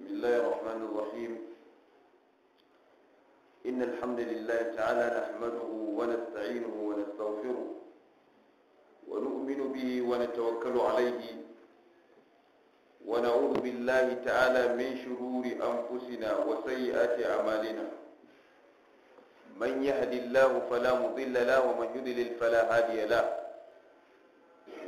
بسم الله الرحمن الرحيم إن الحمد لله تعالى نحمده ونستعينه ونستغفره ونؤمن به ونتوكل عليه ونعوذ بالله تعالى من شرور أنفسنا وسيئات أعمالنا من يهد الله فلا مضل له ومن يضلل فلا هادي له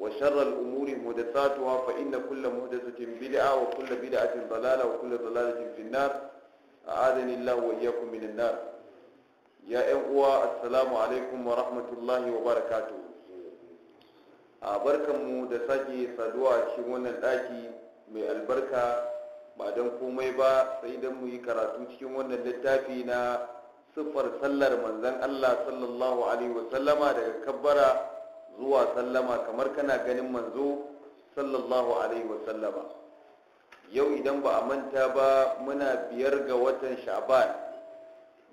وشر الأمور مهدساتها فإن كل مهدسة بدعة وكل بدعة ضلالة وكل ضلالة في النار أعاذني الله وإياكم من النار يا إخوة السلام عليكم ورحمة الله وبركاته barkanmu da sake saduwa a cikin wannan ɗaki mai albarka ba don komai ba sai don mu yi karatu cikin wannan littafi na siffar sallar manzon Allah sallallahu alaihi wasallama daga kabbara zuwa sallama kamar kana ganin manzo sallallahu alaihi wasallama yau idan ba a manta ba muna biyar ga watan sha'ban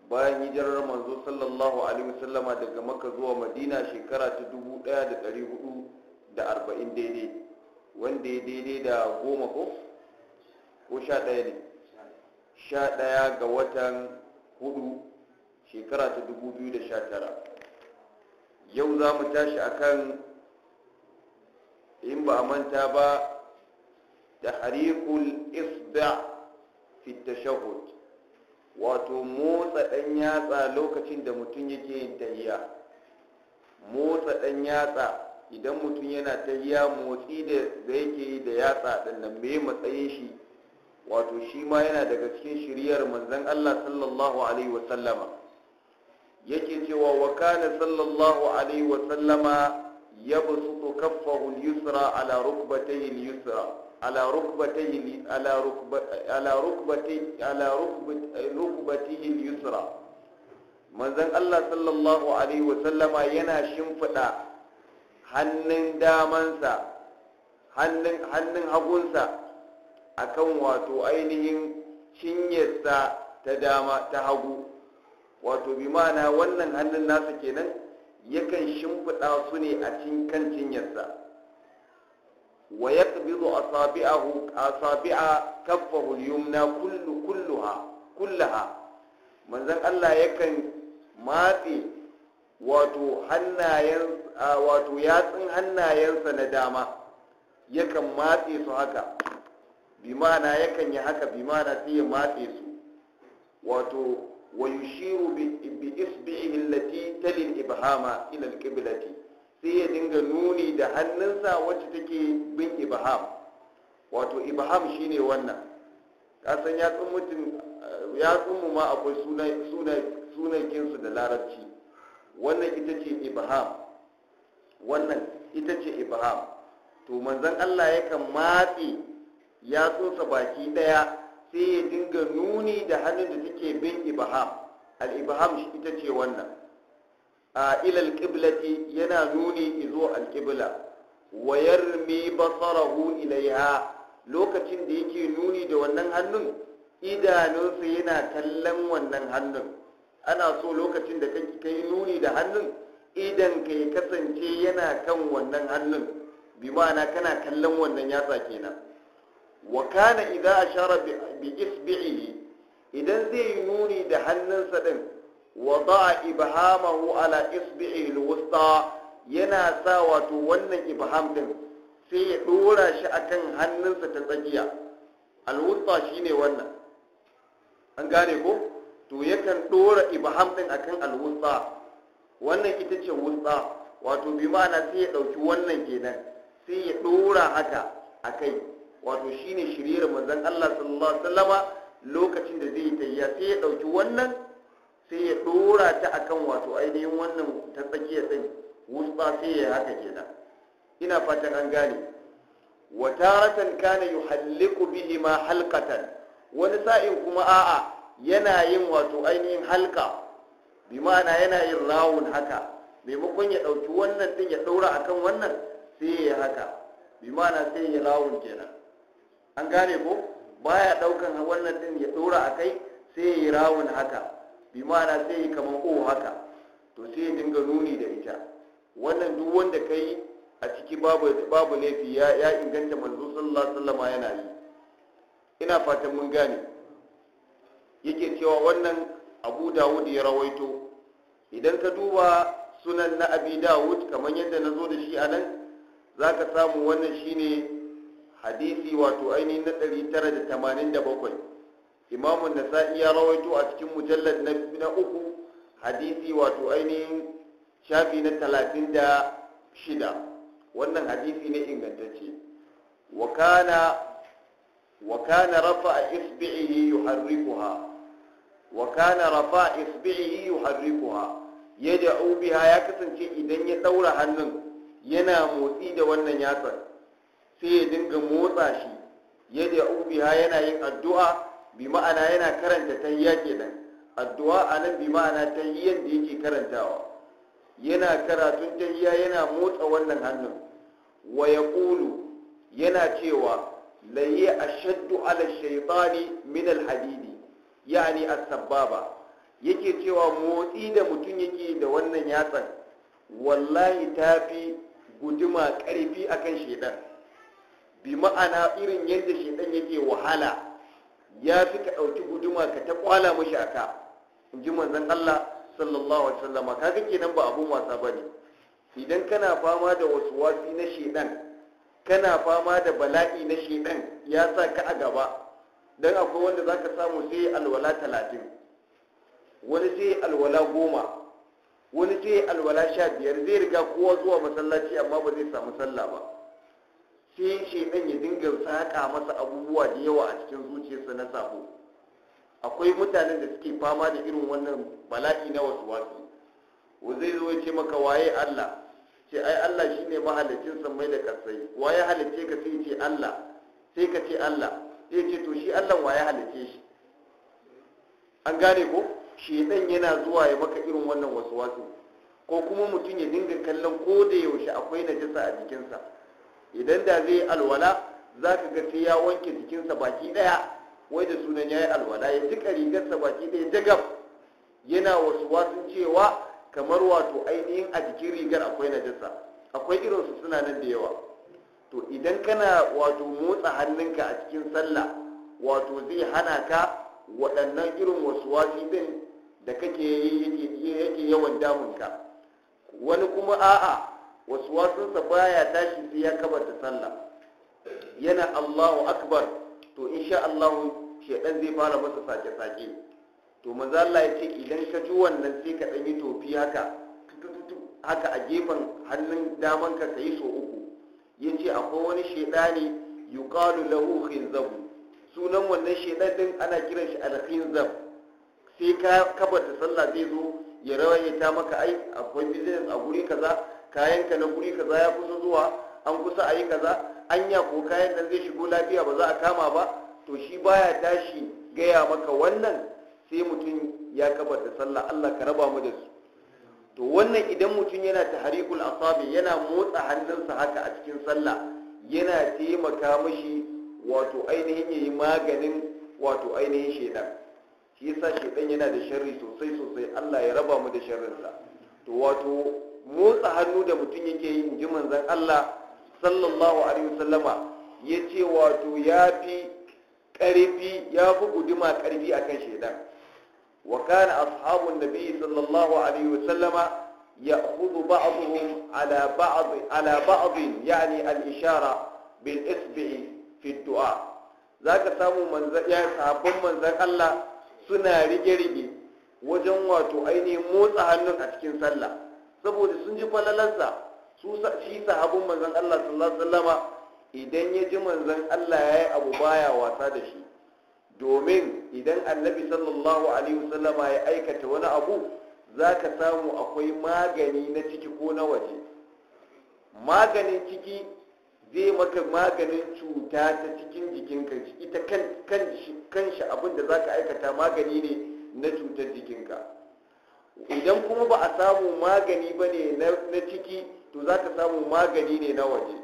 bayan hijirar manzo sallallahu alaihi wasallama daga maka zuwa madina shekara ta 1440 daidai wanda ya daidai da goma ko ko sha ɗaya ne sha ɗaya ga watan hudu shekara ta 2019 yau za mu tashi akan in ba a manta ba da harikul Isba fi tashahud wato motsa ɗan yatsa lokacin da mutum yake yin tahiya motsa ɗan yatsa idan mutum yana tahiya motsi da yake yi da yatsa ɗan nan me matsayin shi wato shi ma yana daga cikin shiryar manzon Allah sallallahu alaihi wasallama yake cewa wa kana sallallahu alaihi wa sallama yabsutu kaffahu al-yusra ala rukbatayhi al-yusra ala rukbatayhi ala rukba ala ala al-yusra manzon Allah sallallahu alaihi wa sallama yana shimfida hannun damansa hannun hannun hagunsa akan wato ainihin cinyarsa ta dama ta hagu wato bi ma'ana wannan hannun nasa kenan yakan shimfiɗa su ne a cikin kan cinyarsa wa ya ƙabiru asabi'a kaffahu yumna kullaha manzan Allah yakan matse wato hannayen wato yatsun hannayensa na dama yakan matse su haka bi ma'ana yakan yi haka bi ma'ana sai ya matse su wato ويشير بإصبعه التي تلي الإبهام إلى القبلة sai ya dinga nuni da hannunsa wacce take bin ibham wato ibham shine wannan kasan yatsun mutum ma akwai sunakinsu da larabci wannan ita ce ibham wannan ita ce ibham to manzon Allah yakan matse yatsunsa baki ɗaya. sai ya dinga nuni da hannun da take bin ibham al-ibham ita ce wannan a ilal qiblati yana nuni izo al-qibla wa yarmi basarahu ilaiha lokacin da yake nuni da wannan hannun idanunsa yana kallon wannan hannun ana so lokacin da kai nuni da hannun idan ka kasance yana kan wannan hannun bi ma'ana kana kallon wannan yatsa kenan wa idan idza ashara bi isbi'ihi idan zai yi nuni da hannunsa din wada'a ibhamahu ala isbi'ihi alwusta yana sa wato wannan ibham din sai ya dora shi akan hannunsa ta tsakiya alwusta shine wannan an gane ko to yakan dora ibham din akan alwusta wannan ita ce wusta wato bi ma'ana sai ya dauki wannan kenan sai ya dora haka akai wato shine shiriyar manzon Allah sallallahu alaihi wasallama lokacin da zai tayya sai ya ɗauki wannan sai ya dora ta kan wato ainihin wannan ta tsakiya din wusta sai ya haka kenan ina fatan an gane wa taratan kana yuhalliqu bihi ma halqatan wani sa'in kuma a'a yana yin wato ainihin halka bi ma'ana yana yin rawun haka maimakon ya ɗauki wannan din ya ɗaura akan wannan sai ya haka bi ma'ana sai ya rawun kenan an gane ko baya daukan wannan din ya dora a kai sai ya yi rawun haka bi ma'ana sai ya yi o haka to sai ya dinga nuni da ita wannan duk wanda ka a ciki babu laifi ya inganta manzo sallallahu alaihi wasallama yana yi ina fatan mun gane yake cewa wannan abu dawud ya rawaito idan ka duba sunan na abi dawud kamar yadda na zo da shi a nan za ka samu wannan shine hadisi wato ainihi na 987 imamu nasa'i ya rawaito a cikin mujallar na uku hadisi wato ainihin shafi na 36 wannan hadisi ne ingantacce wa kana rafa a rafa'a isbi'ihi yuharrikuha wa kana rafa'a isbi'ihi yuharrikuha yad'u biha ya kasance idan ya daura hannun yana motsi da wannan yatsar sai ya dinga motsa shi yadda ubiha yana yin addu'a bi ma'ana yana karanta tahiyya kenan addu'a anan bi ma'ana tahiyyan da yake karantawa yana karatun tahiyya yana motsa wannan hannun wa ƙulu yana cewa laye yi ashaddu ala shaytani min alhadidi yani as yake cewa motsi da mutum yake da wannan yatsan wallahi tafi guduma ƙarfi akan shedan bi ma'ana irin yadda shedan yake wahala ya fi ka ɗauki guduma ka ta kwala mashi aka in ji manzon Allah sallallahu alaihi wasallam kaga kenan ba abun wasa bane idan kana fama da wasu wasi na shedan kana fama da bala'i na shedan ya sa ka a gaba dan akwai wanda zaka samu sai alwala talatin wani sai alwala goma wani sai alwala sha biyar zai riga kowa zuwa masallaci amma ba zai samu sallah ba sai ɗan ya dinga saƙa masa abubuwa da yawa a cikin zuciyarsa na sabo akwai mutanen da suke fama da irin wannan bala'i na wasu wasu wa zai zo ya ce maka waye Allah ce ai Allah shi ne mahalicin sammai da kasai waye halicce ka sai ce Allah sai ka ce Allah sai ce to shi Allah waye halicce shi an gane ko Shi ɗan yana zuwa ya maka irin wannan wasu wasu ko kuma mutum ya dinga kallon ko da yaushe akwai najasa a jikinsa idan da zai yi alwala za ka ga sai ya wanke jikinsa baki ɗaya wai da sunan ya yi alwala ya jika rigarsa baki ɗaya dagab yana wasu wasun cewa kamar wato ainihin a jikin rigar akwai najasa akwai irinsu suna nan da yawa to idan kana wato motsa hannunka a cikin sallah wato zai hana ka waɗannan irin wasu wasi ɗin da kake yake yawan damunka wani kuma a'a wasu wasunsa baya tashi sai ya kabarta sallah yana Allahu akbar to insha allahu shedan zai fara masa sake-sake to manzo Allah ya ce idan ka ji wannan sai ka dan tofi haka haka a gefen hannun daman ka kai so uku yace akwai wani shedani yuqalu lahu khinzab sunan wannan shedan din ana kiran shi al-khinzab sai ka kabarta sallah zai zo ya ta maka ai akwai business a guri kaza Kayan ka na guri kaza ya kusa zuwa an kusa a yi kaza anya ko kayan nan zai shigo lafiya ba za a kama ba to shi baya tashi gaya maka wannan sai mutum ya kabar da sallah Allah ka raba mu da su to wannan idan mutum yana tahrikul asabi yana motsa hannunsa haka a cikin sallah yana taimaka mashi wato ainihin yayi maganin wato ainihin shedan shi yasa shedan yana da sharri sosai sosai Allah ya raba mu da sharrinsa to wato motsa hannu da mutum yake yi in ji Allah sallallahu ya ce wato ya fi ƙarfi ya fi guduma ƙarfi a kan shaidan wa kana ashabun nabi sallallahu alaihi wasallama ya hudu ba'aduhum ala ba'd ala ba'd yani al-ishara bil isbi samu manzan ya sabon manzan Allah suna rige-rige wajen wato ainihin motsa hannun a cikin sallah saboda sun ji falalansa su shi sahabin manzon Allah sallallahu alaihi wasallama idan ya ji manzon Allah yayi abu baya wasa da shi domin idan annabi sallallahu alaihi wasallama ya aikata wani abu zaka samu akwai magani na ciki ko na waje maganin ciki zai maka maganin cuta ta cikin jikinka ita kan kan shi da zaka aikata magani ne na cutar jikinka idan kuma ba a samu magani ba ne na ciki to za ka samu magani ne na waje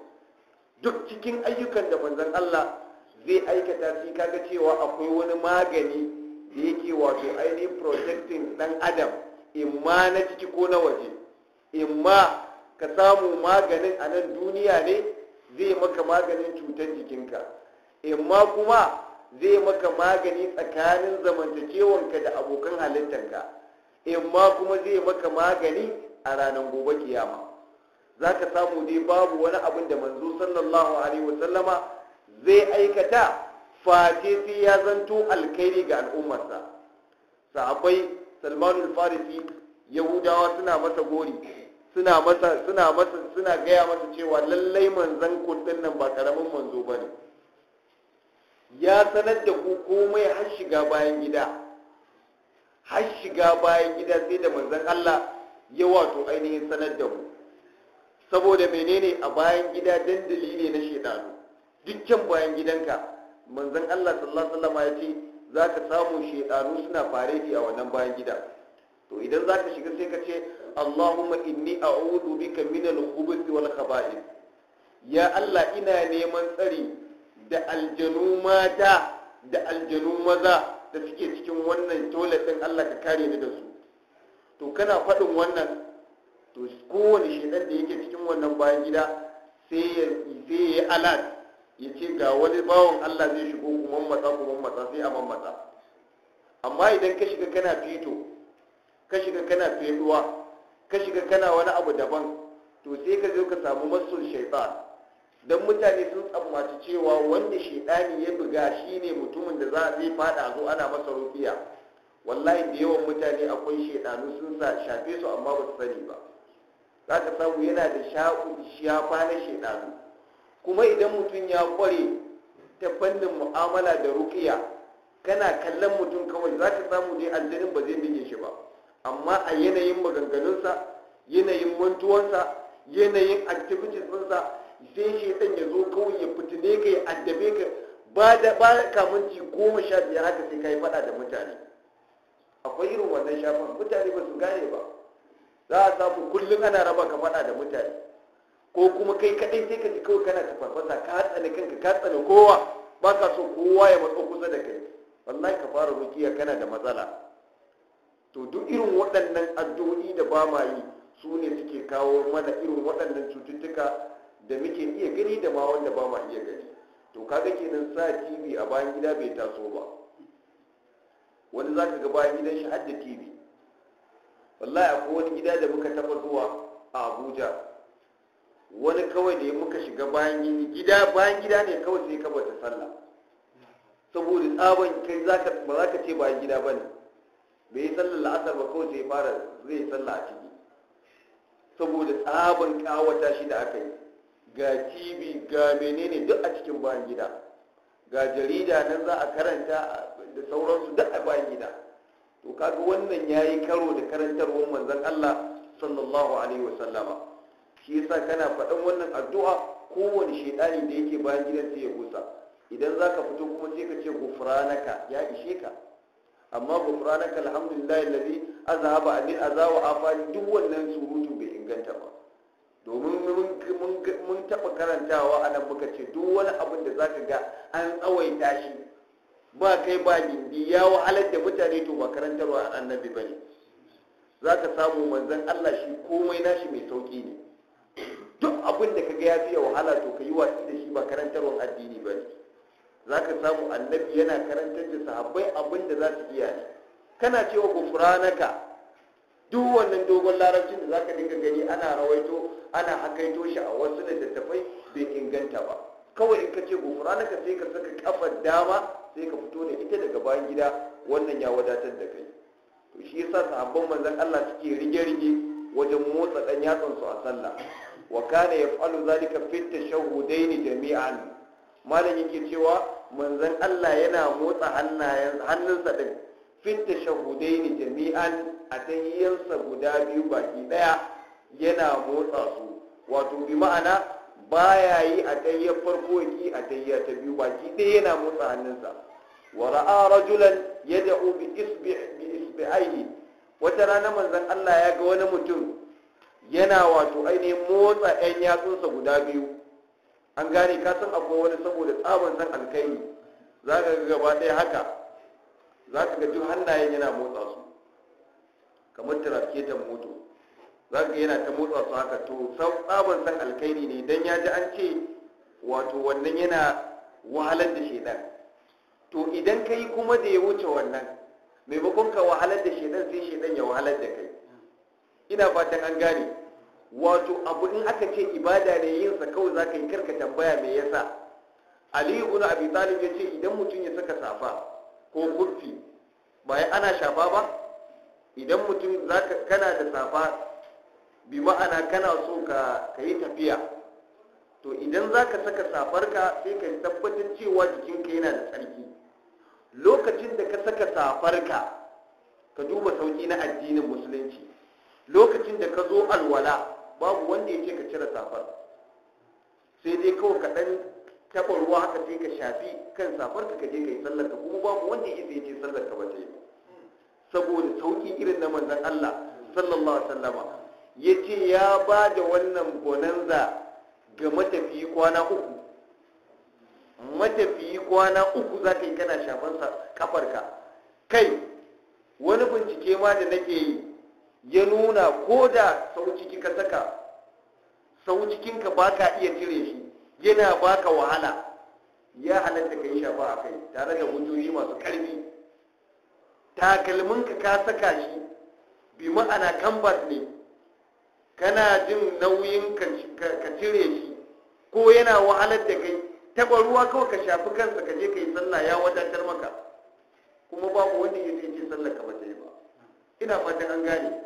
duk cikin ayyukan da manzan Allah zai aikata shi kaga cewa akwai wani magani da yake wato ainihin protecting dan adam imma na ciki ko na waje imma ka samu maganin a nan duniya ne zai maka maganin cutar jikinka imma kuma zai maka magani tsakanin zamantakewanka da abokan halittanka imma kuma zai maka magani a ranar gobe kiyama za ka samu dai babu wani abin da manzo sallallahu alaihi wasallama zai aikata face sai ya zanto alkhairi ga al'ummarsa sahabbai salmanul farisi yahudawa suna masa gori suna masa suna masa suna gaya masa cewa lallai manzon kudin nan ba karamin manzo bane ya sanar da ku komai har shiga bayan gida har shiga bayan gida sai da manzon Allah ya wato ainihin sanar da mu saboda menene a bayan gida dandali ne na shedanu dukkan bayan gidanka manzon Allah sallallahu alaihi wasallam ya ce za ka samu shedanu suna fareti a wannan bayan gida to idan za ka shiga sai ka ce Allahumma inni a'udhu bika min al-khubuthi wal khaba'ith ya Allah ina neman tsari da aljanu mata da aljanu maza da suke cikin wannan tole din Allah ka kare ni da su to kana faɗin wannan to kowane shedan da yake cikin wannan bayan gida sai ya sai ya alat ya ce ga wani bawon Allah zai shigo kuma matsa kuma matsa sai a mamata amma idan ka shiga kana fito ka shiga kana feduwa ka shiga kana wani abu daban to sai ka zo ka samu masul shaitan don mutane sun tsammaci cewa wanda shaidani ya buga shi ne mutumin da za a zai fada zo ana masa rufiya wallahi da yawan mutane akwai shaidanu sun shafe su amma ba su sani ba za ka samu yana da ya na shaidanu kuma idan mutum ya kware ta fannin mu'amala da rukiya kana kallon mutum kawai za ka samu dai aljanin ba zai bige shi ba amma a yanayin maganganunsa yanayin mantuwansa yanayin activities ɗinsa sai shi ɗan ya zo kawai ya fitine ka ya addabe ka ba da ba kamunci goma sha biyar haka sai ka yi faɗa da mutane akwai irin wannan shafin mutane ba su gane ba za a samu kullum ana raba ka faɗa da mutane ko kuma kai kaɗai sai ka ji kawai kana tafarfasa ka hatsane kanka ka tsane kowa ba ka so kowa ya matso kusa da kai wallahi ka fara rukiya kana da matsala to duk irin waɗannan addu'o'i da ba ma yi su ne suke kawo mana irin waɗannan cututtuka da muke iya gani da ma wanda ba ma iya gani to kaga kenan sa tv a bayan gida bai taso ba wani za ka ga bayan gidan shi hadda tv wallahi akwai wani gida da muka taba zuwa a abuja wani kawai da muka shiga bayan gini gida bayan gida ne kawai sai ka bata sallah saboda tsaban kai zaka ba za ka ce bayan gida bane bai yi sallar la'asar ba kawai sai fara zai sallah a ciki saboda tsaban kawata shi da aka yi ga tv ga menene duk a cikin bayan gida ga jarida nan za a karanta da sauransu duk a bayan gida to kaga wannan ya yi karo da karantarwar manzon allah sallallahu alaihi wasallama shi yasa kana faɗan wannan addu'a kowane shaidani da yake bayan gidan sai ya kusa idan za ka fito kuma sai ka ce gufranaka ya ishe ka amma gufranaka alhamdulillah lalzi azaba anil azawa afani duk wannan surutu bai inganta ba domin mun taɓa karantawa a nan muka ce duk wani abin da za ka ga an tsawaita shi ba kai ba gindi ya wahalar da mutane to ba karantarwa annabi bane za ka samu wanzan Allah shi komai nashi mai sauƙi ne duk abin da ga ya fiye wahala to ka yi watsi da shi ba karantarwar addini ne za ka samu annabi yana karantar da sahabbai abin da za su iya ne kana cewa naka. duk wannan dogon larabcin da zaka dinga gani ana rawaito ana hakaito shi a wasu littattafai bai inganta ba kawai in ka ce gufranaka sai ka saka kafar dama sai ka fito da ita daga bayan gida wannan ya wadatar da kai to shi yasa sahabban manzon Allah suke rige-rige wajen motsa dan yatsan su a sallah wa kana yaf'alu zalika fi tashahhudain jami'an malam yake cewa manzon Allah yana motsa hannayen hannunsa din fitta shahudai ne jami'an a tahiyyarsa guda biyu baki daya yana motsa su wato bi ma'ana baya yi a tahiyyar farko yaki a tahiyyar ta biyu baki daya yana motsa hannunsa wa ra'a rajulan yad'u bi isbi' bi isbi'aihi wata rana manzon Allah ya ga wani mutum yana wato ainihin motsa 'yan yatsunsa guda biyu an gane ka san akwai wani saboda tsaban san alkai za ka ga gaba ɗaya haka za ka ga duk hannayen yana motsa su kamar tiraketan moto za ka yana ta motsa su haka to sabon san alkhairi ne don ya ji an ce wato wannan yana wahalar da shaidan to idan ka yi kuma da ya wuce wannan maimakon ka wahalar da shaidan sai shaidan ya wahalar da kai ina fatan an gane wato abu in aka ce ibada ne yin sa kawai za ka yi karka tambaya me yasa aliyu ibn abi talib ya ce idan mutum ya saka safa ko kurfi ba ya ana shafa ba idan mutum kana da safa bi ma'ana kana so ka yi tafiya to idan za ka saka safarka sai ka tabbatar cewa jikinka yana da tsarki lokacin da ka saka safarka ka duba sauki na addinin musulunci lokacin da ka zo alwala babu wanda ya ce ka cire safar sai dai kawai kaɗan taɓa ruwa haka sai ka shafi kan safarka ka je ka yi sallar ka kuma babu wanda yake ya ce sallar ka ba saboda sauki irin na manzon Allah sallallahu alaihi wasallama yace ya ba da wannan bonanza ga matafiyi kwana uku matafiyi kwana uku za ka yi kana shafan kafarka kai wani bincike ma da nake yi ya nuna ko da sau ciki ka saka sau cikinka ba ka iya cire shi yana baka wahala ya halatta ka yi shafa a kai tare da hujjoji masu ƙarfi takalminka ka saka shi bi ma'ana kambas ne kana jin nauyin ka cire shi ko yana wahalar da kai taɓa ruwa kawai ka shafi kansa ka je ka yi sallah ya wadatar maka kuma babu wanda ya ce sallah ka bata yi ba ina fatan an gane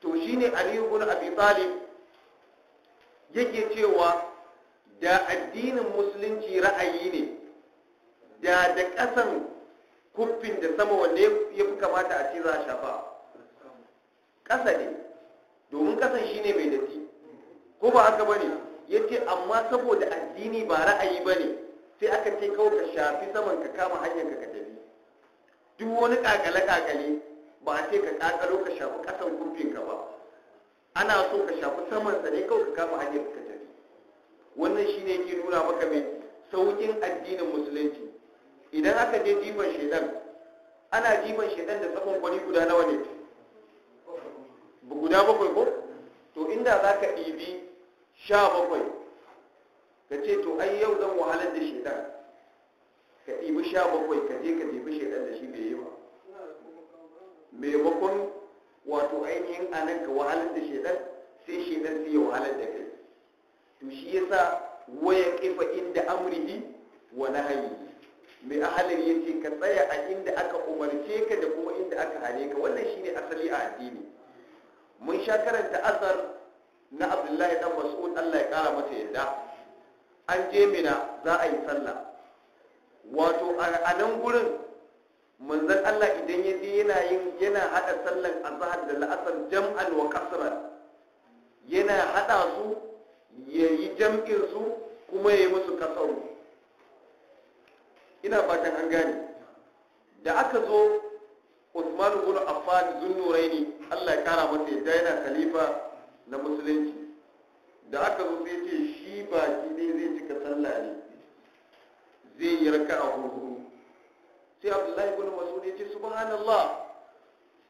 to shine aliyu bin abi talib yake cewa da addinin musulunci ra'ayi ne da da ƙasan kuffin da sama wanda ya fi kamata a ce za a shafa ƙasa ne domin ƙasan shine mai datti ko ba haka ba ne, ya ce, amma saboda addini ba ra'ayi ba ne, sai aka ce kawai ka shafi saman ka kama hanyar ka tafi duk wani kakale kakale ba a ce ka kakalo ka shafi ƙasan kuffin ka ba ana so ka shafi saman sa ne kawai ka kama hanyar ka tafi wannan shine ke nuna maka mai sauƙin addinin musulunci idan aka je jifan shedan ana jifan shedan da tsakon kwani guda nawa ne guda bakwai ko to inda za ka ɗibi sha bakwai ka ce to ai yau zan wahalar da shedan ka ɗibi sha bakwai ka je ka ɗibi shedan da shi bai yi ba maimakon wato ainihin anan ka wahalar da shedan sai shedan sai ya wahalar da kai to shi yasa waya kifa inda amrihi wa nahyi mai ahalar yace ka tsaya a inda aka umarce ka da kuma inda aka hane ka wannan shine asali a addini mun sha karanta asar na abdullahi dan mas'ud Allah ya kara masa yadda an je mina za a yi sallah wato a nan gurin manzon Allah idan ya je yana yin yana hada sallan azhar da la'asar jam'an wa kasran yana hada su ya yi jam'insu kuma ya yi musu kasaru ina fatan an gane da aka zo usman fadi affan ne Allah ya kara masa yadda yana khalifa na musulunci da aka zo sai ce shi baki ne zai cika sallah ne zai yi raka a hurhuru sai abdullahi ibn masu ne ce subhanallah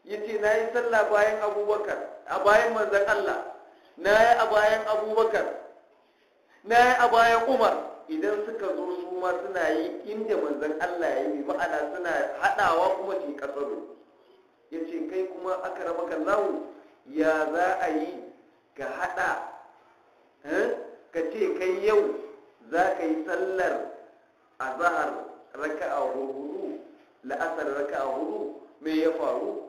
ya ce na yi sallah bayan abubakar a bayan manzan Allah na yi a bayan abubakar na yi a bayan umar idan suka zo su ma suna yi inda manzan allah ya yi ma'ana suna haɗawa kuma ke ƙasaro ya ce kai kuma aka raba kallahu ya za a yi ka haɗa eh, ka ce kai yau za ka yi sallar azahar zahar raka'a hudu la'asar raka'a hudu mai ya faru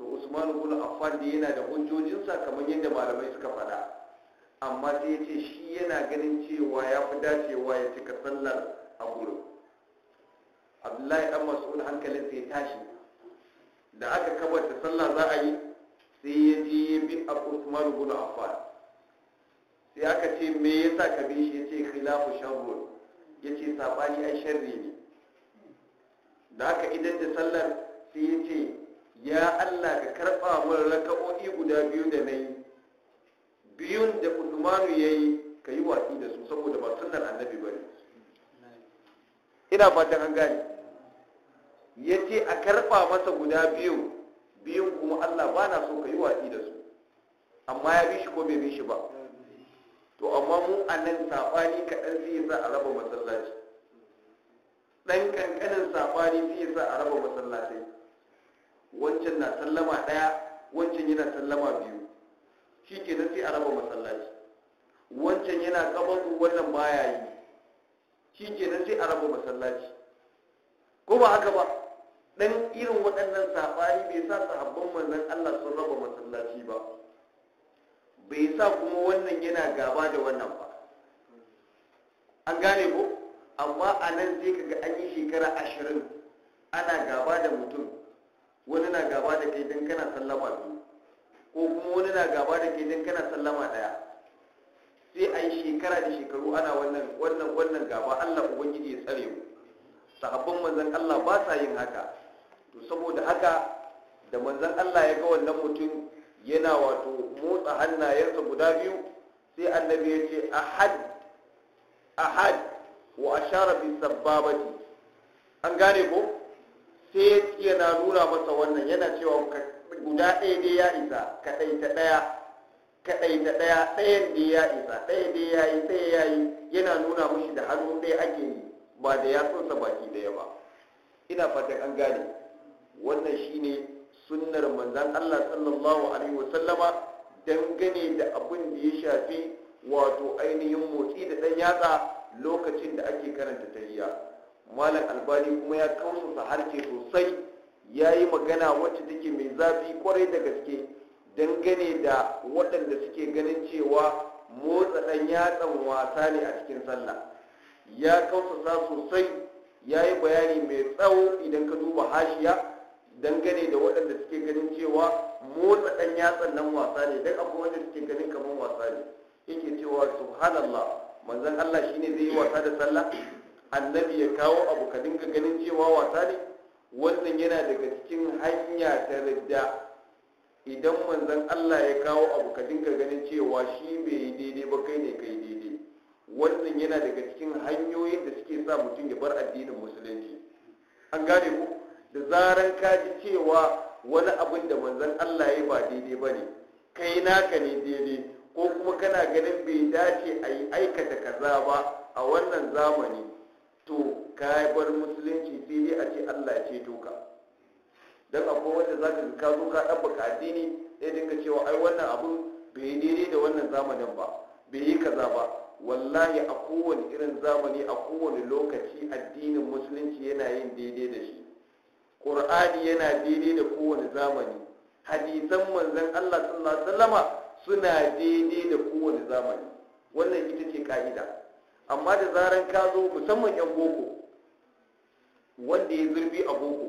to usman ibn affan da yana da hujjojinsa kamar yadda malamai suka faɗa amma sai ya ce shi yana ganin cewa ya fi dacewa ya cika sallar a gurin abdullahi dan mas'ud hankalin sai tashi da aka kabarta sallah za a yi sai ya je bi abu usman ibn affan sai aka ce me yasa ka bi shi yace khilafu sharrun yace sabani ai sharri ne da aka idan da sallar sai yace ya Allah ka karɓa mun raka'o'i guda biyu da yi, biyun da ya yi, ka yi watsi da su saboda ba sunnar annabi ne ina fatan an gane ce a karɓa masa guda biyu biyun kuma Allah ba na so ka yi watsi da su amma ya bi shi ko bai bi shi ba to amma mu a nan saɓani kaɗan sai ya sa a raba masallaci ɗan ƙanƙanin saɓani sai ya sa a raba masallaci. wancan na sallama ɗaya wancan yana sallama biyu shi ke sai a raba masallaci wancan yana kabaru wannan baya yi shi ke sai a raba masallaci ko ba haka ba dan irin waɗannan saɓani bai sa sahabban manzon Allah sun raba masallaci ba bai sa kuma wannan yana gaba da wannan ba an gane ko amma a nan zai kaga an yi shekara ashirin ana gaba da mutum wani na gaba da kai don kana sallama biyu ko kuma wani na gaba da kai don kana sallama daya sai a yi shekara da shekaru ana wannan gaba allah ubangiji ya tsare mu sahabban manzan allah ba sa yin haka to saboda haka da manzan allah ya ga wannan mutum yana wato motsa hannayensa guda biyu sai annabi ya ce ahad ahad wa ashara bi sababati an gane ko sai ya yana nuna masa wannan yana cewa guda ɗaya dai ya isa kaɗai ta ɗaya kaɗai ta ɗaya ɗayan da ya isa ɗaya da ya yi sai ya yi yana nuna mushi da hannu ɗaya ake yi ba da ya tsosa baki ɗaya ba ina fatan an gane wannan shine sunnar manzan Allah sallallahu alaihi wasallama dangane da abin da ya shafi wato ainihin motsi da ɗan yatsa lokacin da ake karanta tahiyya malam albani kuma ya kausasa harshe sosai ya yi magana wacce take mai zafi kwarai da gaske dangane da waɗanda suke ganin cewa motsa ɗan yatsan wasa ne a cikin sallah ya kausasa sosai ya yi bayani mai tsawo idan ka duba hashiya dangane da waɗanda suke ganin cewa motsa ɗan yatsan nan wasa ne don akwai wanda suke ganin kamar wasa ne yake cewa subhanallah manzon allah shine zai yi wasa da sallah annabi ya kawo abu ka dinga ganin cewa wasa ne wannan yana daga cikin hanya ta rida idan manzon Allah ya kawo abu ka dinga ganin cewa shi bai yi daidai ba kai ne kai daidai wannan yana daga cikin hanyoyin da suke sa mutum ya bar addinin musulunci an gane ku da zaran ka ji cewa wani abin da manzon Allah ya ba daidai ba ne kai naka ne daidai ko kuma kana ganin bai dace a yi aikata kaza ba a wannan zamani to ka bar musulunci sai dai a ce allah ya ceto ka don akwai wanda za ka ka zo ka ɗabbaka addini sai dinga cewa ai wannan abun bai yi daidai da wannan zamanin ba bai yi kaza ba wallahi a kowane irin zamani a kowane lokaci addinin musulunci yana yin daidai da shi ƙur'ani yana daidai da kowane zamani hadisan manzan allah sallallahu alaihi suna daidai da kowane zamani wannan ita ce ka'ida amma da zaran ka zo musamman yan boko wanda ya zurbi a boko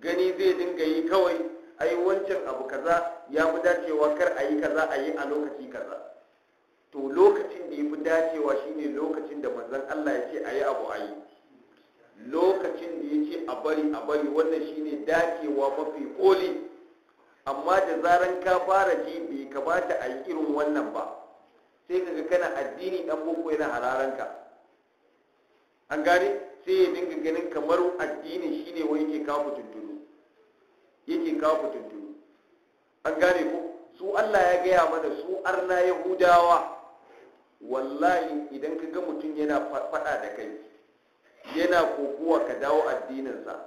gani zai dinga yi kawai a yi wancan abu kaza ya fi dacewa kar a yi kaza a yi a lokaci kaza to lokacin da ya fi dacewa shine lokacin da manzan allah ya ce a yi abu a yi lokacin da ya ce a bari a bari wannan shine dacewa mafi koli amma da zaran ka fara ji bai kamata a yi irin wannan ba sai ka ga kana addini dan boko yana hararanka an gane sai ya dinga ganin kamar addini shine wani yake kawo tuntunu yake kawo tuntunu an gane ko su Allah ya gaya mana su arna yahudawa wallahi idan ka ga mutum yana faɗa da kai yana kokuwa ka dawo addininsa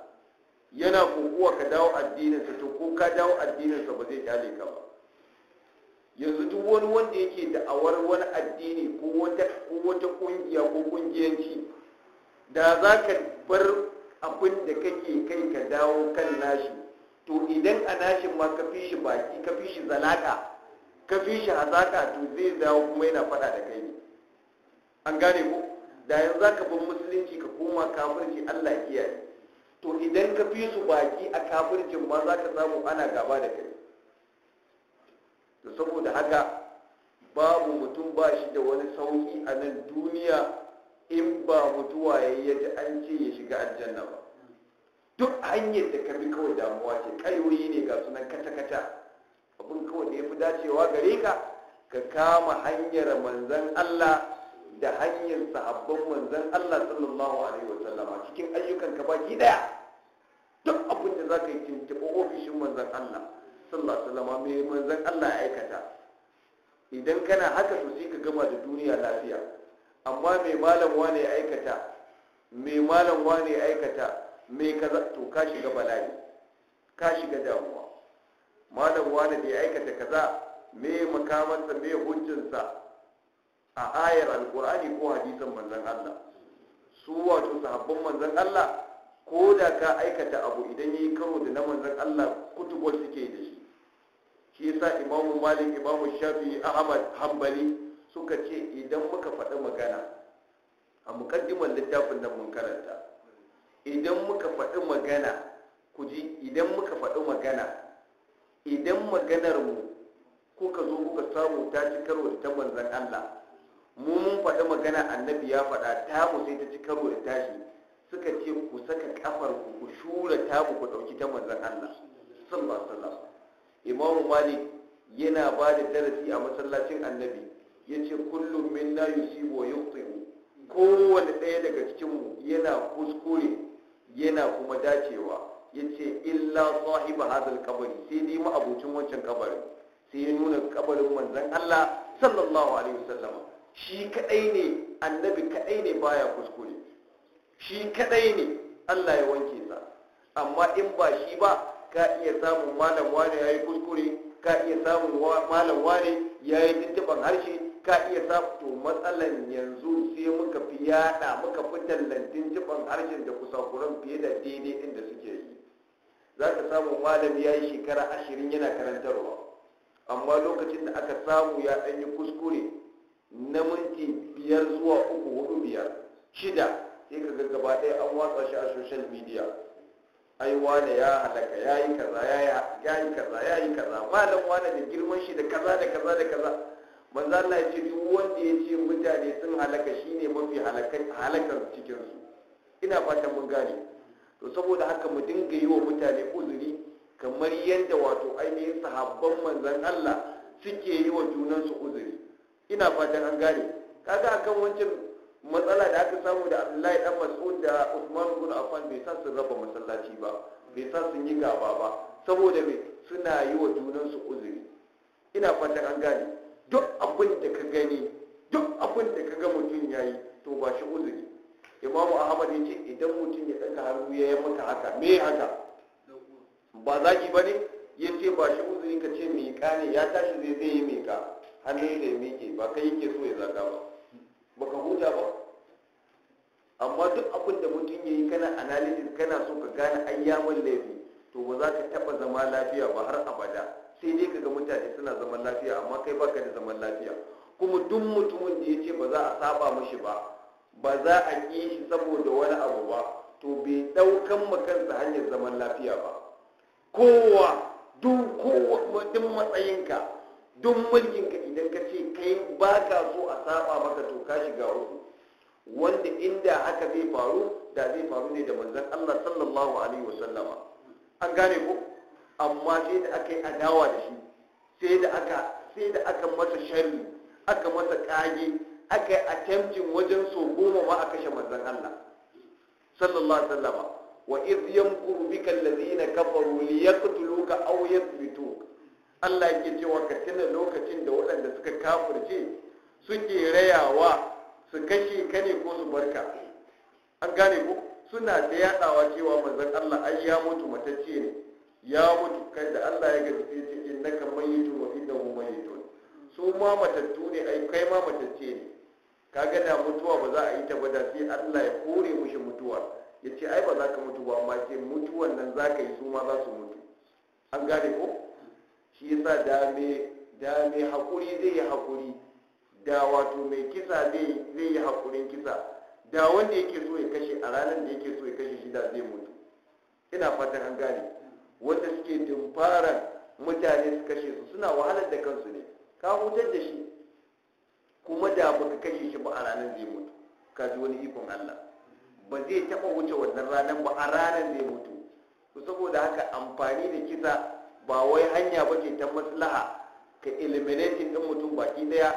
yana kokuwa ka dawo addininsa to ko ka dawo addininsa ba zai kyale ka ba yanzu duk wani wanda yake da'awar wani addini ko wata ko wata kungiya ko kungiyanci da za ka bar abin da kake kai ka dawo kan nashi to idan a nashin ma ka fi shi baki ka fi shi zalaka ka fi shi hazaka to zai dawo kuma yana fada da kai ne an gane ko da yanzu za ka bar musulunci ka koma kafirci allah kiyaye to idan ka fi su baki a kafircin ma za ka samu ana gaba da kai to saboda haka babu mutum ba shi da wani sauki a nan duniya in ba mutuwa ya yi an ce ya shiga aljanna ba duk hanyar da ka bi kawai damuwa ce kayoyi ne ga sunan kata-kata abin kawai da ya fi dacewa gare ka ka kama hanyar manzan Allah da hanyar sahabban manzan Allah sallallahu alaihi wasallama cikin ayyukan ka baki daya duk abin da za ka yi tuntuɓa ofishin manzan Allah sallallahu alaihi wasallam mai manzon Allah ya aikata idan kana haka to sai ka gama da duniya lafiya amma mai malam wane ya aikata mai malam wane ya aikata mai kaza to ka shiga bala'i ka shiga damuwa malam wane da ya aikata kaza me makamansa me hujjinsa a ayar alkur'ani ko hadisan manzon Allah su wato sahabban manzon Allah ko da ka aikata abu idan yayi karo da na manzon Allah kutubar suke da shi shi yasa imamu malik imamu shafi ahmad hanbali suka ce idan muka faɗi magana a mukaddimar littafin nan mun karanta idan muka faɗi magana ku ji idan muka faɗi magana idan maganar mu kuka zo kuka samu ta ci karo da ta manzan Allah mu mun faɗi magana annabi ya faɗa ta mu sai ta ci karo da tashi suka ce ku saka kafar ku ku shura ta ku ɗauki ta manzan Allah sallallahu alaihi wasallam imamu malik yana ba da darasi a masallacin annabi ya ce kullum min na yusibu wa yuqtiru kowane ɗaya daga cikinmu yana kuskure yana kuma dacewa ya ce illa sahiba hadal kabari sai dai ma'abucin wancan kabarin sai ya nuna kabarin manzan allah sallallahu alaihi wasallam shi kadai ne annabi kadai ne baya kuskure shi kadai ne allah ya wanke sa amma in ba shi ba ka iya samun malam wane ya yi kuskure ka iya samun malam wane ya yi tuntuɓan harshe ka iya samun to matsalan yanzu sai muka fi yada muka fi tallantin tuntuɓan harshen da kusakuran fiye da daidai inda suke yi za ka samu malam ya yi shekara ashirin yana karantarwa amma lokacin da aka samu ya ɗan yi kuskure na minti biyar zuwa uku hudu biyar shida sai ka ga gaba ɗaya an watsa shi a social media ai wane ya halaka ya yi kaza ya yi kaza ya yi kaza malam wane da girman shi da kaza da kaza da kaza manzo Allah ya ce duk wanda ya ce mutane sun halaka shine mafi halakar cikin su ina fatan mun gane to saboda haka mu dinga yi wa mutane uzuri kamar yadda wato ainihin sahabban manzon Allah suke yi wa junansu uzuri ina fatan an gane kaga akan wancan matsala da aka samu da abdullahi dan mas'ud da usman ibn affan bai sa sun raba masallaci ba bai sa sun yi gaba ba saboda me suna yi wa junansu uzuri ina fatan an gane duk abin da ka gani duk abin da ka ga mutum ya yi to ba shi uzuri Imam ahmad ya ce idan mutum ya daka haru ya maka haka me haka ba zaki ba ne ya ce ba shi uzuri ka ce miƙa ne ya tashi zai zai yi ka hannu da ya miƙe ba kai yake so ya zaga ba baka huta ba amma duk abin da mutum ya yi kana analysis kana so ka gane ayyaman laifi to ba za ka taba zama lafiya ba har abada sai dai ka ga mutane suna zaman lafiya amma kai baka da zaman lafiya kuma duk mutumin da ya ce ba za a saba mashi ba ba za a ƙi shi saboda wani abu ba to bai ɗaukan kansa hanyar zaman lafiya ba kowa duk kowa duk matsayinka duk mulkin ka idan ka ce kai ba ka so a saba maka to ka shiga uku wanda inda haka zai faru da zai faru ne da manzan Allah sallallahu alaihi wasallama an gane ko amma sai da aka yi adawa da shi sai da aka sai da aka masa sharri aka masa kage aka yi attempting wajen so goma ma a kashe manzan Allah sallallahu alaihi wasallama wa idh yamkuru bika alladhina kafaru liyaqtuluka aw yathbitu Allah yake cewa ka tuna lokacin da waɗanda suka kafirce suke rayawa su kashe ka ne ko su barka an gane ko suna ta yaɗawa cewa manzon Allah ai ya mutu matacce ne ya mutu kai da Allah ya gaji gaske ce innaka mayyitun wa innahu mayyitun su ma matattu ne ai kai ma matacce ne kaga da mutuwa ba za a yi ta ba da sai Allah ya kore mushi mutuwa yace ai ba za ka mutu ba amma sai mutuwan nan za ka yi su ma za su mutu an gane ko shi yasa da da hakuri zai yi hakuri da wato mai kisa zai yi haƙurin kisa da wanda yake so ya kashe a ranar da yake so ya kashe shi da zai mutu ina fatan an gane wanda suke dumfara mutane su kashe su suna wahalar da kansu ne ka hutar da shi kuma da baka kashe shi ba a ranar zai mutu ka ji wani ikon Allah ba zai taɓa wuce wannan ranar ba a ranar zai mutu saboda haka amfani da kisa ba wai hanya ba ce ta maslaha ka eliminating din mutum baki ɗaya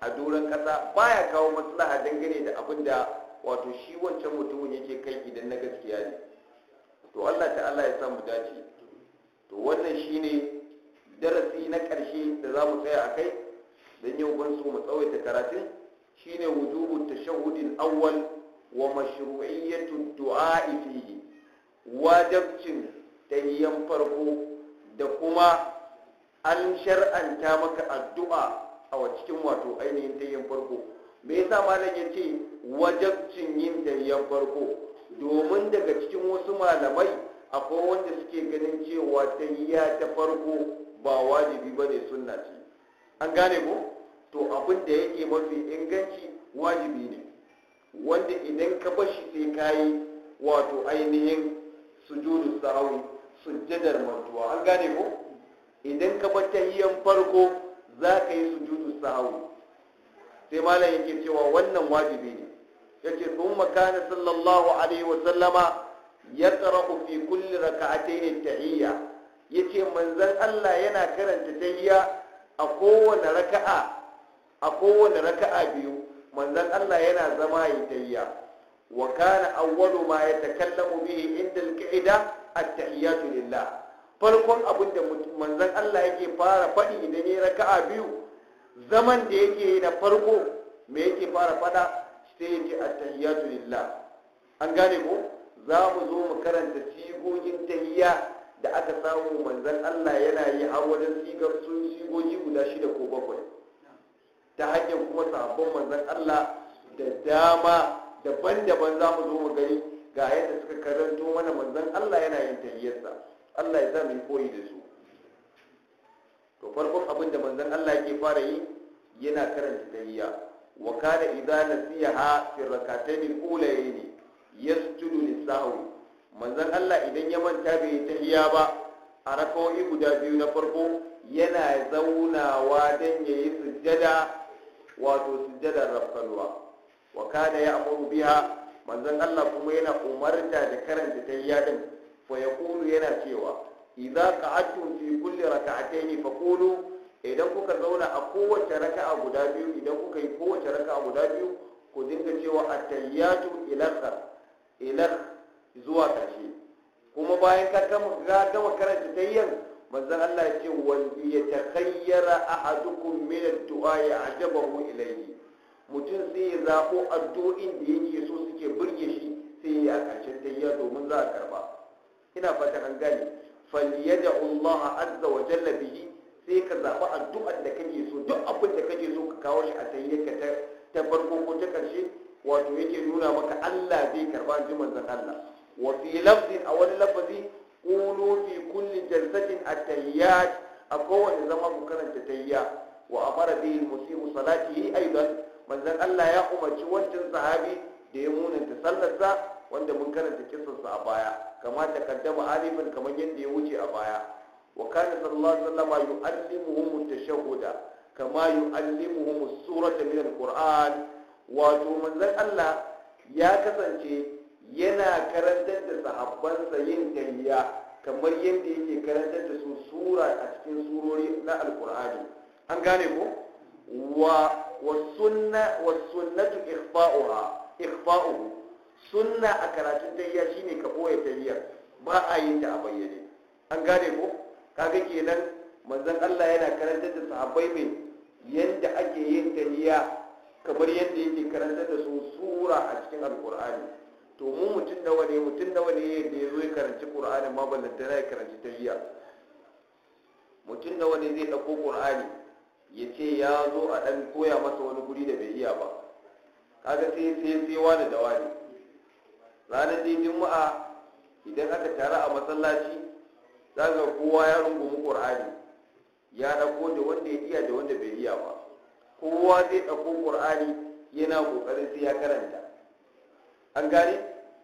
a doron ƙasa baya kawo maslaha dangane da abin da wato shi wancan mutumin yake kai idan na gaskiya ne to Allah ta'ala ya samu dace to wannan shine darasi na ƙarshe da za mu tsaya a kai don yau ban so mu tsawaita karatun shine wujubu tashahhudin awwal wa mashru'iyyatu du'a fihi wajibcin tayyan farko da kuma an shar'anta maka addu'a a cikin wato ainihin tayyan farko me yasa malam yace wajabcin yin tayyan farko domin daga cikin wasu malamai akwai wanda suke ganin cewa tayya ta farko ba wajibi bane sunna ce an gane ko to abin da yake mafi inganci wajibi ne wanda idan ka bashi sai kayi wato ainihin sujudu sahwi sujjadar mantuwa an gane ko idan ka bar hiyan farko za ka yi sujudu sahawu sai malam yake cewa wannan wajibi ne yace thumma kana sallallahu alaihi wa sallama yaqra'u fi kulli rak'atayn tahiyya yace manzon Allah yana karanta tahiyya a kowane raka'a a kowane raka'a biyu manzon Allah yana zama yi tahiyya wa kana awwalu ma yatakallamu bihi inda al-qa'ida attahiyatu lillah farkon abin da manzon Allah yake fara faɗi idan ya raka'a biyu zaman da yake yi na farko me yake fara fada sai yake attahiyatu lillah an gane ko za mu zo mu karanta sigogin tahiyya da aka samu manzon Allah yana yi har wajen sigar sun sigogi guda shida ko bakwai ta hanyar kuma sabon manzon Allah da dama daban-daban za mu zo mu gani ga yadda suka karanto mana manzan Allah yana yin tafiyarsa Allah ya zama koyi da su to farkon abin da manzan Allah yake fara yi yana karanta tahiyya wa kana idza nasiha fi rak'atayn ne, ya yasjudu lis-sahwi manzon Allah idan ya manta bai yi tahiyya ba a rakawoyi guda biyu na farko yana zaunawa don ya yi sujjada wato sujada rafkanuwa wa kana ya amuru biha manzon Allah kuma yana umarta da karanta ta yadin fa kulu yana cewa idza qa'adtum fi kulli rak'atayn fa kulu idan kuka zauna a kowace raka'a guda biyu idan kuka yi kowace raka'a guda biyu ku dinga cewa at tayyatu ila zuwa kashi kuma bayan ka gama karanta tayyan manzon Allah ya ce wal yatakhayyara ahadukum min ad-du'a ya'jabahu ilayhi mutum sai ya zaɓo addu'o'in da yake so suke burge shi sai ya karshen tayya domin za a karba ina fata an gane da Allah azza wa jalla bihi sai ka zaɓi addu'ar da kake so duk abin da kake so ka kawo shi a tayya ka ta farko ko ta karshe wato yake nuna maka Allah zai karba ji manzon Allah wa fi lafzin a wani lafazi qulu fi kulli jalsatin at-tayyat a kowane zama ku karanta tayya wa amara bihi musimu salatihi ayyukan. manzan Allah ya umarci wancan sahabi da ya munanta sallarsa wanda mun karanta kisarsa a baya kama da kaddama alifin kamar yadda ya wuce a baya wa kana sallallahu alaihi wasallam yu'allimuhum at-tashahhuda kama yu'allimuhum as-surata min al-Qur'an wato manzan Allah ya kasance yana karantar da sahabbansa yin tahiyya kamar yadda yake karantar da su sura a cikin surori na alkur'ani an gane ko wa والسنة والسنة إخفاؤها إخفاؤه سنة أكراتين تهيا شيني كبوية تهيا ما a bayyane. an gane ko kaga kenan manzon Allah yana karantar da sahabbai mai yanda ake yin tahiyya kamar yadda yake karantar da su sura a cikin alkur'ani to mu mutum nawa ne mutum nawa ne yadda ya zo ya karanci qur'ani ma ballantana ya karanci tahiyya mutum nawa ne zai dauko qur'ani ya ce ya zo a ɗan koya masa wani guri da bai iya ba kaga sai sai sai wani da wani ranar da juma'a idan aka tare a masallaci zaga kowa ya rungumi ƙur'ani ya ɗauko da wanda ya iya da wanda bai iya ba kowa zai ɗauko ƙur'ani yana kokarin sai ya karanta an gane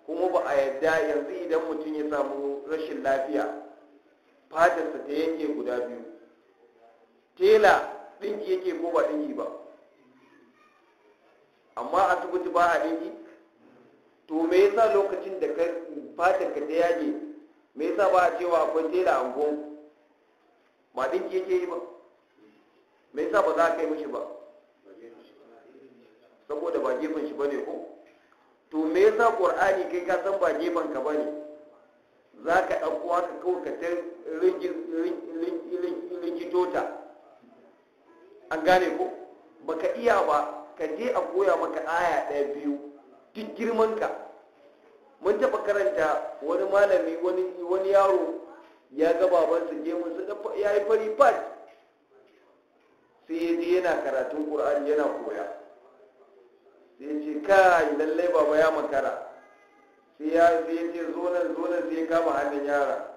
kuma ba a yadda yanzu idan mutum ya samu rashin lafiya fatarsa ta yanke guda biyu tela ɗinki yake ko ba dinki ba amma a tukuti ba a dinki to me yasa lokacin da ka fatar ka ta yage me yasa ba a cewa akwai tela angon ba dinki yake yi ba me yasa ba za ka yi mishi ba saboda ba gefen shi bane ko to me yasa qur'ani kai ka san ba gefen ka bane za ka ɗauko haka kawai ka ta rigito ta an gane ko baka iya ba ka je a koya maka aya ɗaya biyu duk girmanka mun taɓa karanta wani malami wani yaro ya ga je gemun su ya yi fari fat sai ya je yana karatun ƙur'ani yana koya sai ya ce kai lallai baba ya makara sai ya ce zo nan sai ya kama hannun yara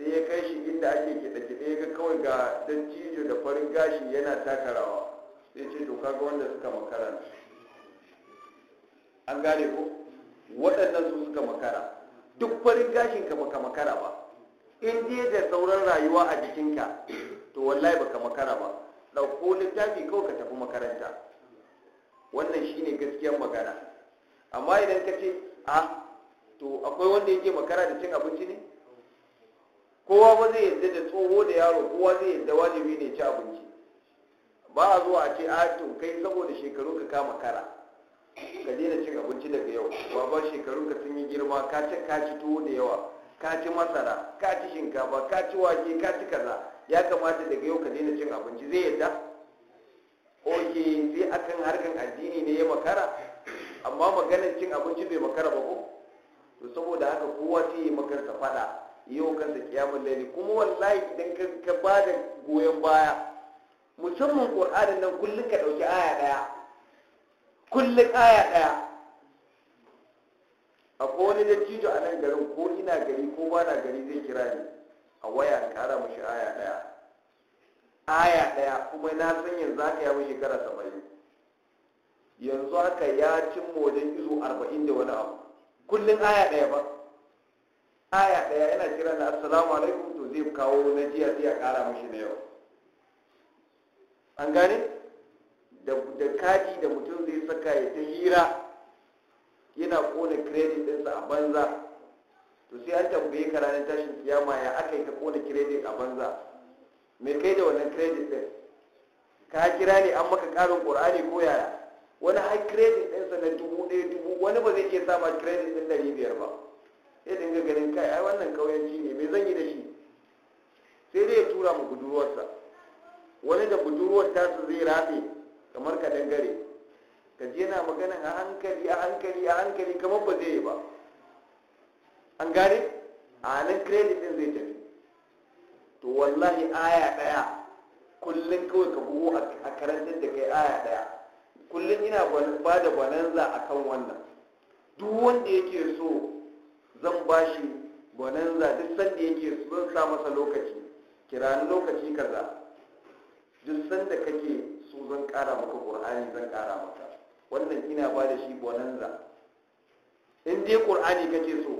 sai ya kai shi inda ake kiɗe-kiɗe ga kawai ga dattijo da farin gashi yana takarawa sai ce to kaga wanda suka makara ne an gane ko waɗannan su suka makara duk farin gashin ka baka makara ba in dai da sauran rayuwa a jikinka to wallahi baka makara ba ɗauko littafi kawai ka tafi makaranta wannan shine gaskiyar magana amma idan ka ce a ah, to akwai wanda yake makara da cin abinci ne kowa ba zai yadda da tsoho da yaro kowa zai yadda wajibi ne ci abinci ba a zuwa a ce a ah, to kai saboda shekaru ka kama kara ka daina cin abinci daga yau ba shekaru ka sun yi girma ka ci ka ci tuwo da yawa ka ci masara ka ci shinkafa ka ci wake ka ci kaza ya kamata daga yau ka daina cin abinci zai yadda oke sai akan harkan addini ne ya makara amma maganar cin abinci bai makara ba ko to saboda haka kowa sai ya makarsa fada yi wa kansa kiyamun laili kuma wallahi idan ka ba da goyon baya musamman ƙur'anin nan kullum ka ɗauki aya ɗaya kullum aya ɗaya akwai wani dattijo a nan garin ko ina gari ko ba na gari zai kira ni a waya ƙara mashi aya ɗaya aya ɗaya kuma na san yanzu ka yawon shekara saba'in yanzu haka ya cin wajen izo arba'in da wani abu kullum aya ɗaya ba aya daya yana kira na assalamu alaikum to zai kawo na jiya sai ya kara mashi na yau an gane da kaji da mutum zai saka ya ta hira yana kone credit ɗinsa a banza to sai an tambaye ka ranar tashin kiyama ya aka yi ka kone credit a banza me kai da wannan credit ɗin ka kira ne an maka ƙarin ƙur'ani ko yaya wani har credit ɗinsa na dubu ɗaya dubu wani ba zai iya ma credit ɗin ɗari biyar ba sai dinga ganin kai ai wannan kauyanci ne me zan yi da shi sai dai ya tura mu budurwarsa wani da budurwar tasu zai rafe kamar ka dangare ka je yana maganin a hankali a hankali a hankali kamar ba zai yi ba an gane a nan credit din zai tafi to wallahi aya daya kullum kawai ka buhu a karantar da kai aya daya kullum ina ba da bananza akan wannan duk wanda yake so zan ba shi bonanza duk sanda yake zan sa masa lokaci kirani lokaci kaza duk sanda kake so zan kara maka qur'ani zan kara maka wannan ina ba da shi bonanza in dai qur'ani kake so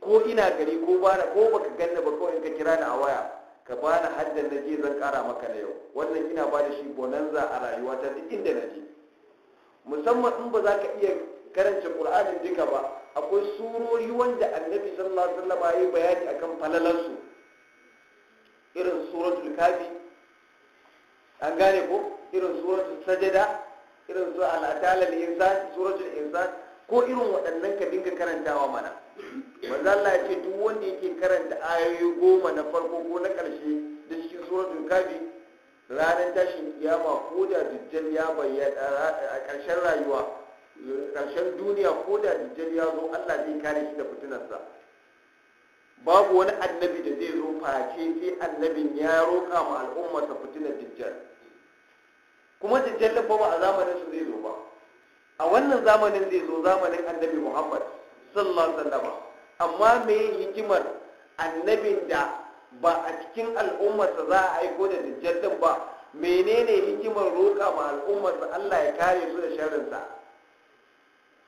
ko ina gari ko bana ko baka ganna ba kawai ka kira ni a waya ka bani haddan da je zan kara maka na yau wannan ina ba da shi bonanza a rayuwata duk inda na je musamman in ba za ka iya karanta qur'anin duka ba akwai surori wanda annabi sallallahu alaihi wasallam ya yi bayani akan falalansu irin suratul kafi an gane ko irin suratul sajada irin su al'adala da insan suratul insan ko irin waɗannan ka dinga karantawa mana manzo Allah ya ce duk wanda yake karanta ayoyi goma na farko ko na ƙarshe da cikin suratul kafi ranar tashin kiyama ko da dujjal ya bayyana a ƙarshen rayuwa karshen duniya ko da dijjal ya zo Allah zai kare shi da fitinarsa babu wani annabi da zai zo face sai annabin ya roƙa ma al'ummarsa fitinar dijjal kuma dijjal ba ba a zamanin su zai zo ba a wannan zamanin zai zo zamanin annabi Muhammad sallallahu alaihi wasallam amma me hikimar annabin da ba a cikin al'ummarsa za a aiko da dijjal ba menene hikimar roƙa ma al'ummarsa Allah ya kare su da sharrinsa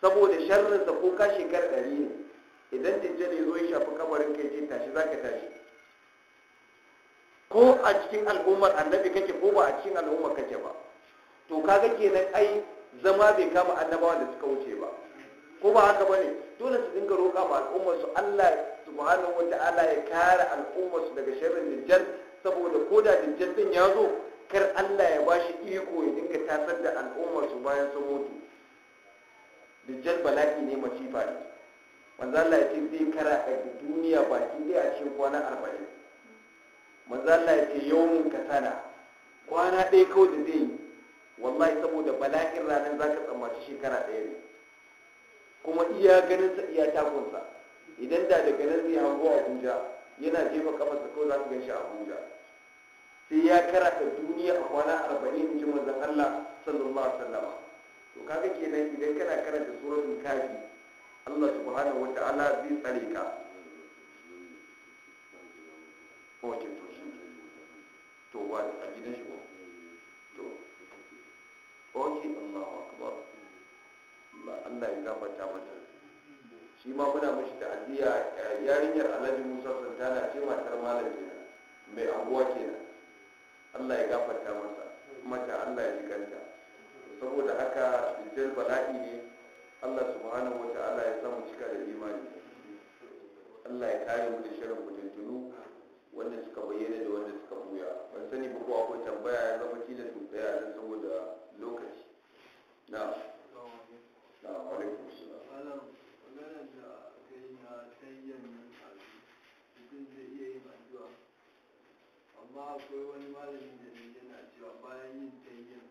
saboda sharrinsa ko ka shekar ɗari ne idan dajjal ya zo shafi kabarin kai ce tashi za ka tashi ko a cikin al'ummar annabi kake ko ba a cikin al'ummar kake ba to kaga kenan ai zama bai kama annabawa da suka wuce ba ko ba haka bane dole su dinga roƙa ma al'ummar su Allah subhanahu ta'ala ya kare al'ummar su daga sharrin dajjal saboda ko da dajjal din ya zo kar Allah ya bashi iko ya dinga tasar da al'ummar su bayan sun mutu dajjal bala'i ne masifa ne manzo Allah ya ce zai kara a duniya baki dai a cikin kwana arba'in manzo Allah ya ce yawmin kasala kwana ɗaya kawai da zai yi wallahi saboda bala'in ranar ka tsammaci shekara ɗaya ne kuma iya ganin sa iya takunsa idan da daga nan zai hango Abuja yana jefa sa kawai za ka ganshi Abuja sai ya karata duniya a kwana arba'in in ji manzon Allah sallallahu alaihi wasallam to kaga kenan idan kana karanta suratul kafi Allah subhanahu wa ta'ala zai tsare ka wace to shi to wa a gidan shi to oke Allahu akbar Allah ya gafarta mata shi ma muna mishi ta'aziyya eh, yarinyar Alhaji Musa Santana ce matar malam kenan mai abuwa kenan Allah ya gafarta masa mata Allah ya jikanta saboda haka fitar bala'i ne allah subhanahu wa ta'ala ya samu cika da imani allah ya kare mu da shirin kutuntunu wanda suka bayyana da wanda suka buya ban sani ba ko akwai tambaya ya zama tilas mu tsaya nan saboda lokaci na na alaikum salam maganar da kai na tayyan nan mutum zai iya yin addu'a amma akwai wani malamin da ne yana cewa bayan yin tayyan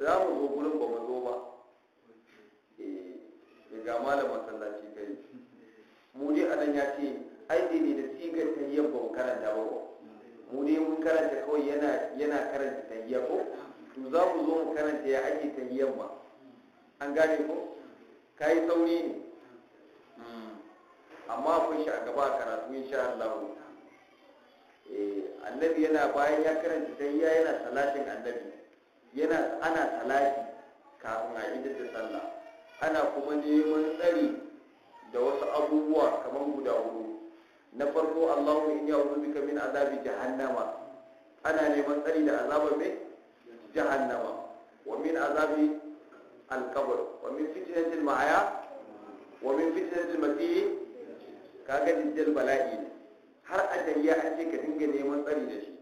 za mu zo gurin ba mu zo ba eh ga malam masallaci kai mu dai anan ya ce ai ne da sigar tayyar ba mu karanta ba mu dai mun karanta kawai yana yana karanta yi ko to za mu zo mu karanta ya ake yi ba an gane ko kai sauri ne hmm. amma kun shi a gaba karatu insha Allah Eh, annabi yana bayan ya karanta ya, yana salatin annabi yana ana salati kafin a idar da sallah ana kuma neman tsari da wasu abubuwa kamar guda huɗu na farko Allahu ya a'udhu bika min azabi jahannama ana neman tsari da azabar mai jahannama wa min azabi alqabr wa min fitnatil mahaya wa min fitnatil masih kaga dijjal bala'i ne har ajaliya an ce ka dinga neman tsari da shi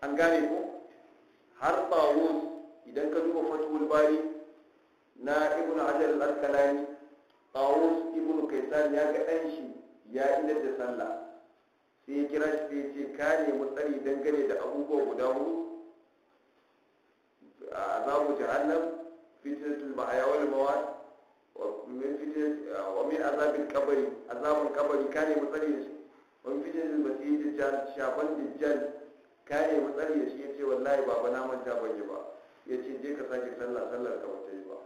an gane ko har tsawon idan ka duba fatuwar bari na ibn hajar al-asqalani tawus ibnu kaisan ya ga ɗan shi ya idar da sallah sai ya kira shi sai ce ka nemi tsari dangane da abubuwa guda hudu A jahannam fitnatul mahaya wal mawat wa min fitnat wa min azabil qabri azabul qabri ka nemi tsari da shi ubangijin yi dajjal shafan dajjal ka yi matsar ya shi ya ce wallahi ba na manta ban yi ba ya ce je ka sake sallah sallar ka wata yi ba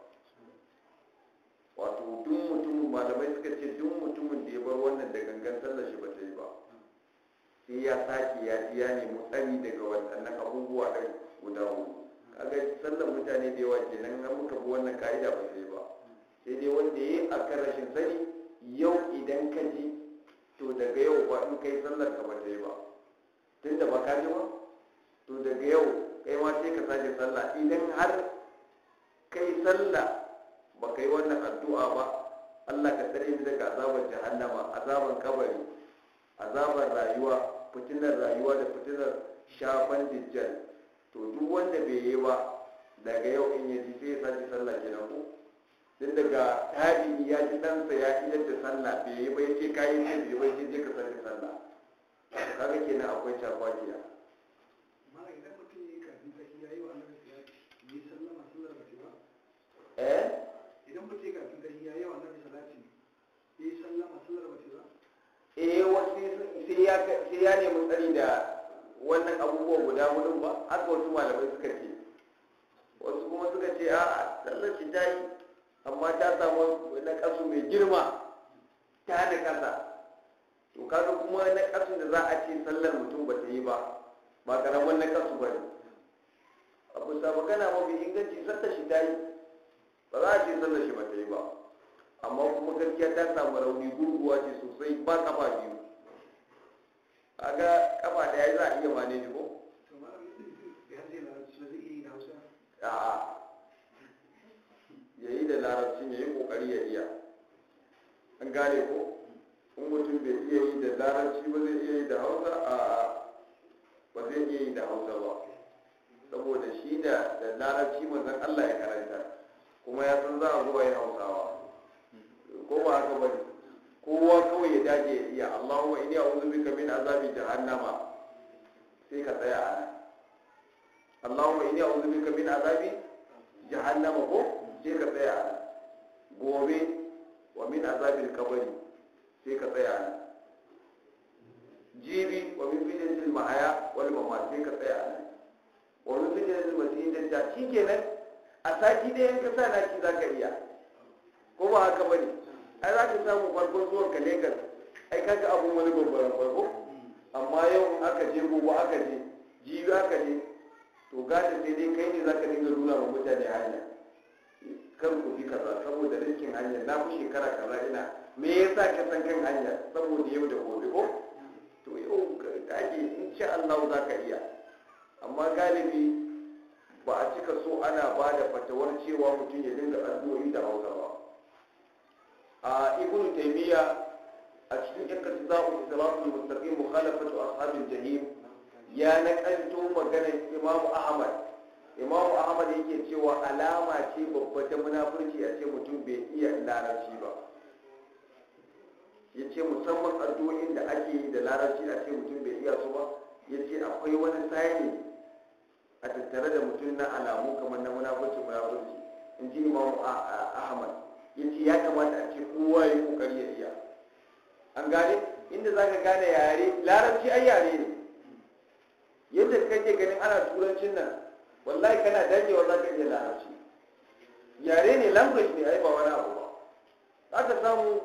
wato duk mutumin malamai suka ce duk mutumin da ya bar wannan da gangan sallar shi ta yi ba sai ya sake ya ji ya nemi tsari daga waɗannan abubuwa ɗai guda hudu kaga sallar mutane da yawa kenan an muka bi wannan ka'ida ba sai ba sai dai wanda ya yi a kan rashin sani yau idan ka ji to daga yau ba in kai sallar ka ba ta yi ba tun da ba ji ba to daga yau kai ma sai ka sake sallah idan har kai sallah ba kai wannan addu'a ba Allah ka tsare ni daga azabar jahannama azabar kabari azabar rayuwa fitinar rayuwa da fitinar shafan dijjal to duk wanda bai yi ba daga yau in yaji sai ya sake sallah kenan ko din daga tabi'i ya ji ɗansa ya iya da sallah bai yi ba ya ce kayi ne bai yi ba ya ka sani sallah kaga kenan akwai cakwakiya eh idan mutum ya kafin ya yi wa annabi salati eh? ya yi sallah masu ba ba eh wasu sai ya nemi tsari da wannan abubuwan guda hudun ba haka wasu malamai suka ce wasu kuma suka ce a sallar shi ta yi amma ta samu na kasu mai girma ta da kasa to kaga kuma na kasu da za a ce sallar mutum ba ta yi ba ba karamin na kasu ba ne abu sa magana mafi inganci sallar shi ta yi ba za a ce sallar shi ba ta yi ba amma kuma gaskiya ta samu rauni gurguwa ce sosai ba kafa biyu kaga kafa daya za a iya ne ko? larabci ne yi kokari ya iya an gane ko in mutum bai iya yi da larabci ba zai iya yi da hausa a ba zai iya yi da hausa ba saboda shi da da larabci manzon Allah ya karanta kuma ya san za a zuwa yin hausawa ko ba haka ba kowa kawai ya dace ya iya Allahumma inni a'udhu bika min azabi jahannama sai ka tsaya a nan Allahumma inni a'udhu bika min azabi jahannama ko sai ka tsaya gobe wa min azabil kabari sai ka tsaya ne jibi wa min fitnatil mahaya wal mamat sai ka tsaya ne wa min fitnatil masih dajjal shikenan a sati da yanka sa za ka iya ko ba haka bane ai ka samu farkon zuwan ka legas ai kaga abu wani babban farko amma yau aka je gobe aka je jibi aka je to gata sai dai kai ne za ka dinga nuna wa mutane hanya kar ku bi kaza saboda rikin hanyar na fi shekara kaza ina me yasa ka san kan hanyar saboda yau da gobe ko to yau ka in sha Allah za ka iya amma galibi ba a cika so ana ba da fatawar cewa mutum ya dinga addu'o'i da hausa ba a ibnu taymiya a cikin iqtisa'u siratul mustaqim mukhalafatu ashabil jahim ya nakalto maganar imamu ahmad imamu ahmad yake cewa alama ce babba ta munafurci a ce mutum bai iya larabci ba ya ce musamman addu'o'in da ake yi da larabci a ce mutum bai iya su ba ya ce akwai wani sayani a tattare da mutum na alamu kamar na munafurci munafurci in ji imamu ahmad ya ce ya kamata a ce kowa ya kokari ya iya an gane inda za ka gane yare larabci ai yare ne yadda kake ganin ana turancin nan wallahi kana dagewa wa zaka iya larabci yare ne language ne ai ba wani abu ba aka samu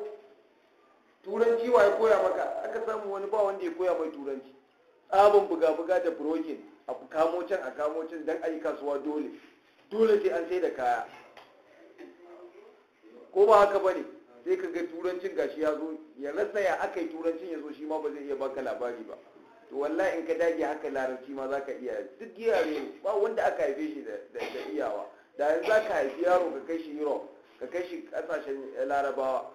turanci wa ya koya maka aka samu wani ba wanda ya koya mai turanci tsabin buga-buga da broken a kamo can a kamo can don ayi kasuwa dole dole sai an sai da kaya ko ba haka ba ne sai ka ga turancin gashi ya zo ya rasa ya aka yi turancin ya zo shi ma ba zai iya baka labari ba wallahi in ka dage haka larabci ma za ka iya duk yare ba wanda aka haife shi da iyawa da yanzu za ka haifi yaro ka kai shi europe ka kai shi kasashen larabawa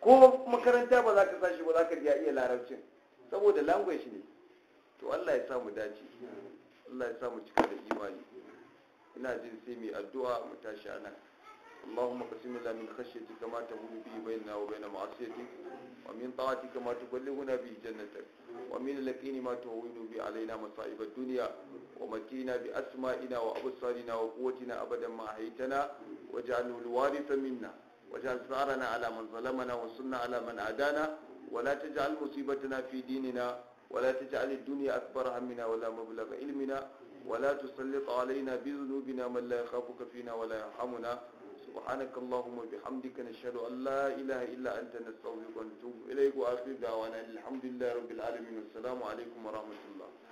ko makaranta ba za ka sashi ba za ka iya iya larabcin saboda language ne to allah ya samu dace allah ya samu cika da imani ina jin sai mai addu'a mu tashi a nan. اللهم اقسم لنا من خشيتك ما تهون به بيننا وبين معصيتك ومن طاعتك ما تبلغنا به جنتك ومن اليقين ما تهون به علينا مصائب الدنيا ومتينا بأسمائنا وأبصارنا وقوتنا أبدا ما أحيتنا واجعله الوارث منا واجعل ثارنا على من ظلمنا وانصرنا على من عادانا ولا تجعل مصيبتنا في ديننا ولا تجعل الدنيا أكبر همنا ولا مبلغ علمنا ولا تسلط علينا بذنوبنا من لا يخافك فينا ولا يرحمنا سبحانك اللهم وبحمدك نشهد أن لا إله إلا أنت نستغفرك ونتوب إليك وآخر دعوانا الحمد لله رب العالمين والسلام عليكم ورحمة الله